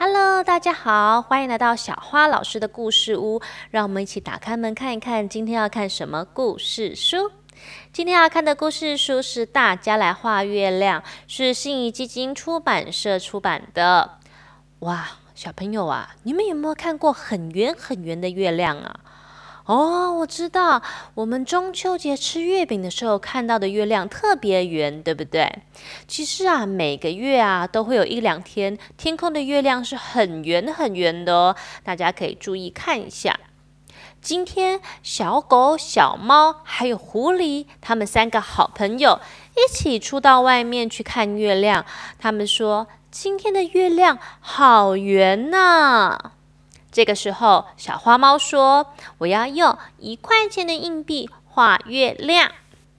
Hello，大家好，歡迎來到小花老師的故事屋。讓我們一起打開門看一看，今天要看什麼故事書？今天要看的故事書是《大家來畫月亮》，是信誼基金出版社出版的。哇，小朋友啊，你們有沒有看過很圓很圓的月亮啊？哦，我知道，我們中秋節吃月餅的時候看到的月亮特別圓，對不對？其實啊，每個月啊都會有一兩天，天空的月亮是很圓很圓的哦。大家可以注意看一下。今天小狗、小貓還有狐狸，他們三個好朋友一起出到外面去看月亮。他們說：“今天的月亮好圓吶！”這個時候，小花貓說：“我要用一塊錢的硬幣畫月亮。”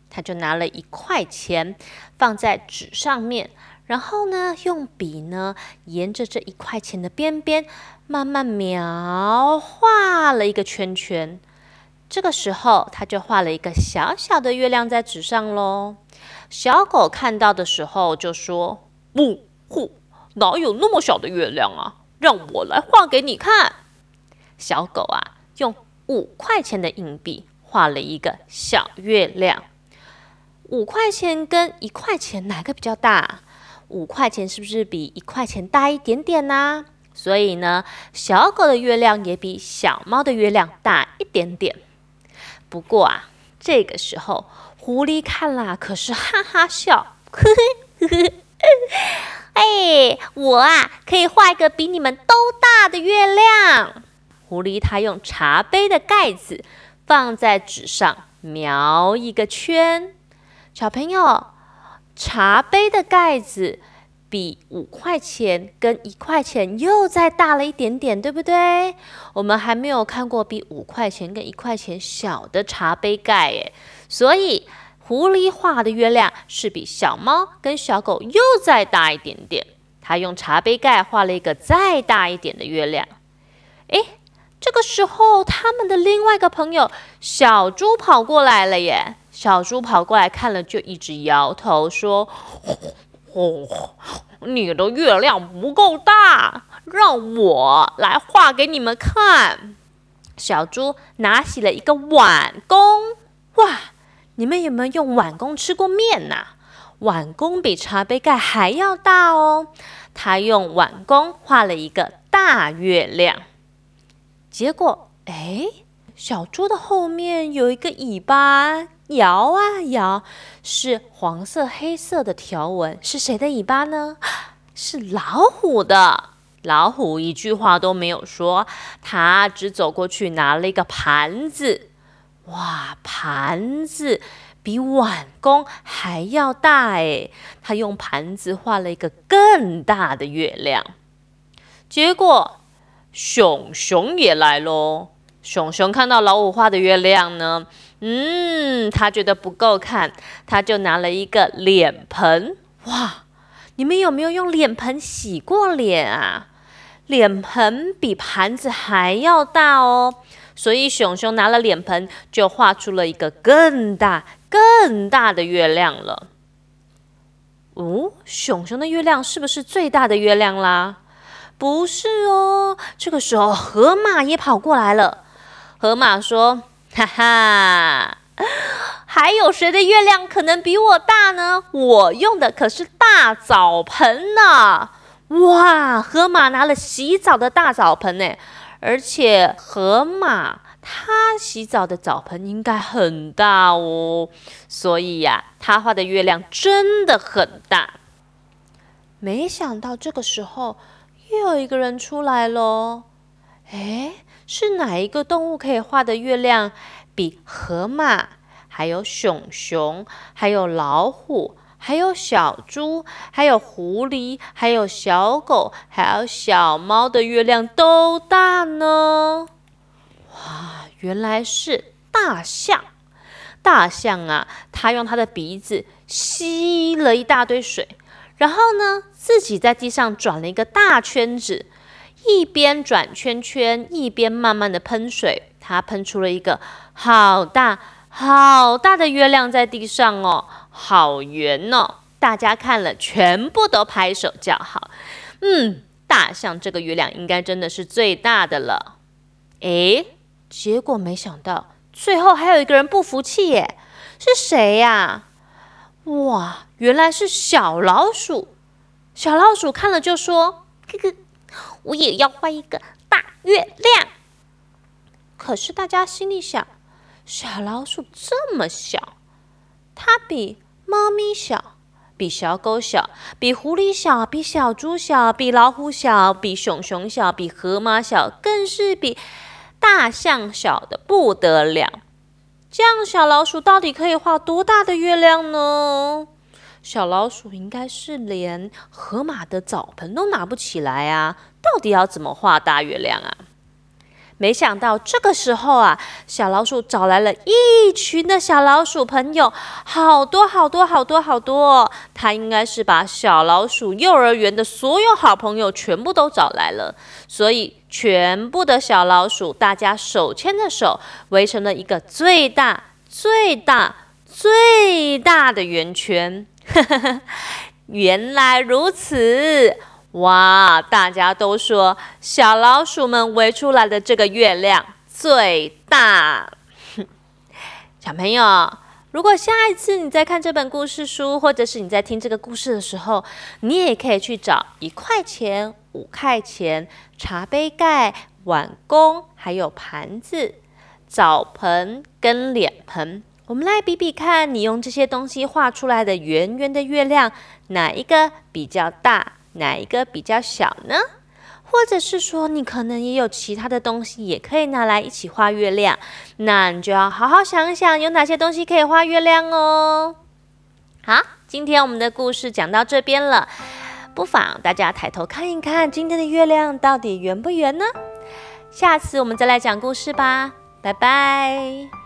它就拿了一塊錢放在紙上面，然後呢，用筆呢沿着這一塊錢的邊邊慢慢描畫了一個圈圈。這個時候，它就畫了一個小小的月亮在紙上嘍。小狗看到的時候就說：“嗚呼、哦，哪有那麼小的月亮啊？讓我來畫給你看。”小狗啊，用五塊錢的硬幣畫了一個小月亮。五塊錢跟一塊錢哪個比較大啊？五塊錢是不是比一塊錢大一點點呢啊？所以呢，小狗的月亮也比小貓的月亮大一點點。不過啊，這個時候狐狸看了可是哈哈笑，嘿嘿嘿嘿，哎，我啊可以畫一個比你們都大的月亮。狐狸它用茶杯的蓋子放在紙上描一個圈，小朋友，茶杯的蓋子比五塊錢跟一塊錢又再大了一點點，對不對？我們還沒有看過比五塊錢跟一塊錢小的茶杯蓋耶，所以狐狸畫的月亮是比小貓跟小狗又再大一點點。它用茶杯蓋畫了一個再大一點的月亮，誒。這個時候，他們的另外一個朋友小豬跑過來了耶！小豬跑過來看了，就一直搖頭說：“ 你的月亮不夠大，讓我來畫給你們看。”小豬拿起了一個碗公，哇！你們有沒有用碗公吃過麵呢、啊？碗公比茶杯蓋還要大哦。他用碗公畫了一個大月亮。結果，哎，小豬的後面有一個尾巴搖啊搖，是黃色黑色的條紋，是誰的尾巴呢？是老虎的。老虎一句話都沒有說，他只走過去拿了一個盤子，哇，盤子比碗公還要大誒，他用盤子畫了一個更大的月亮，結果。熊熊也來嘍！熊熊看到老五畫的月亮呢，嗯，他覺得不夠看，他就拿了一個臉盆。哇，你們有沒有用臉盆洗過臉啊？臉盆比盤子還要大哦。所以熊熊拿了臉盆，就畫出了一個更大、更大的月亮了。哦，熊熊的月亮是不是最大的月亮啦？不是哦，這個時候河馬也跑過來了。河馬說：“哈哈，還有誰的月亮可能比我大呢？我用的可是大澡盆呢！”哇，河馬拿了洗澡的大澡盆呢、哎！而且河馬他洗澡的澡盆應該很大哦，所以呀、啊，他畫的月亮真的很大。沒想到這個時候。又有一個人出來咯，哎，是哪一個動物可以畫的月亮比河馬、還有熊熊、還有老虎、還有小豬、還有狐狸、還有小狗、還有小貓的月亮都大呢？哇，原來是大象！大象啊，他用他的鼻子吸了一大堆水。然後呢，自己在地上轉了一個大圈子，一邊轉圈圈，一邊慢慢的噴水。他噴出了一個好大好大的月亮在地上哦，好圓哦！大家看了全部都拍手叫好。嗯，大象這個月亮應該真的是最大的了。誒，結果沒想到最後還有一個人不服氣耶，是誰呀？啊？哇，原來是小老鼠！小老鼠看了就說：“哥哥，我也要畫一個大月亮。”可是大家心裡想：小老鼠這麼小，它比貓咪小，比小狗小，比狐狸小，比小豬小，比老虎小，比熊熊小，比河馬小，更是比大象小的不得了。這樣，小老鼠到底可以畫多大的月亮呢？小老鼠應該是連河馬的澡盆都拿不起來啊！到底要怎麼畫大月亮啊？沒想到這個時候啊，小老鼠找來了一群的小老鼠朋友，好多好多好多好多。他應該是把小老鼠幼兒園的所有好朋友全部都找來了，所以。全部的小老鼠，大家手牽着手，圍成了一個最大、最大、最大的圓圈。 原來如此，哇！大家都說，小老鼠們圍出來的這個月亮最大。 小朋友。如果下一次你在看這本故事書，或者是你在聽這個故事的時候，你也可以去找一塊錢、五塊錢、茶杯蓋、碗公，還有盤子、澡盆跟臉盆，我們來比比看，你用這些東西畫出來的圓圓的月亮，哪一個比較大，哪一個比較小呢？或者是說，你可能也有其他的東西，也可以拿來一起畫月亮。那你就要好好想一想，有哪些東西可以畫月亮哦。好，今天我們的故事講到這邊了，不妨大家抬頭看一看，今天的月亮到底圓不圓呢？下次我們再來講故事吧，拜拜。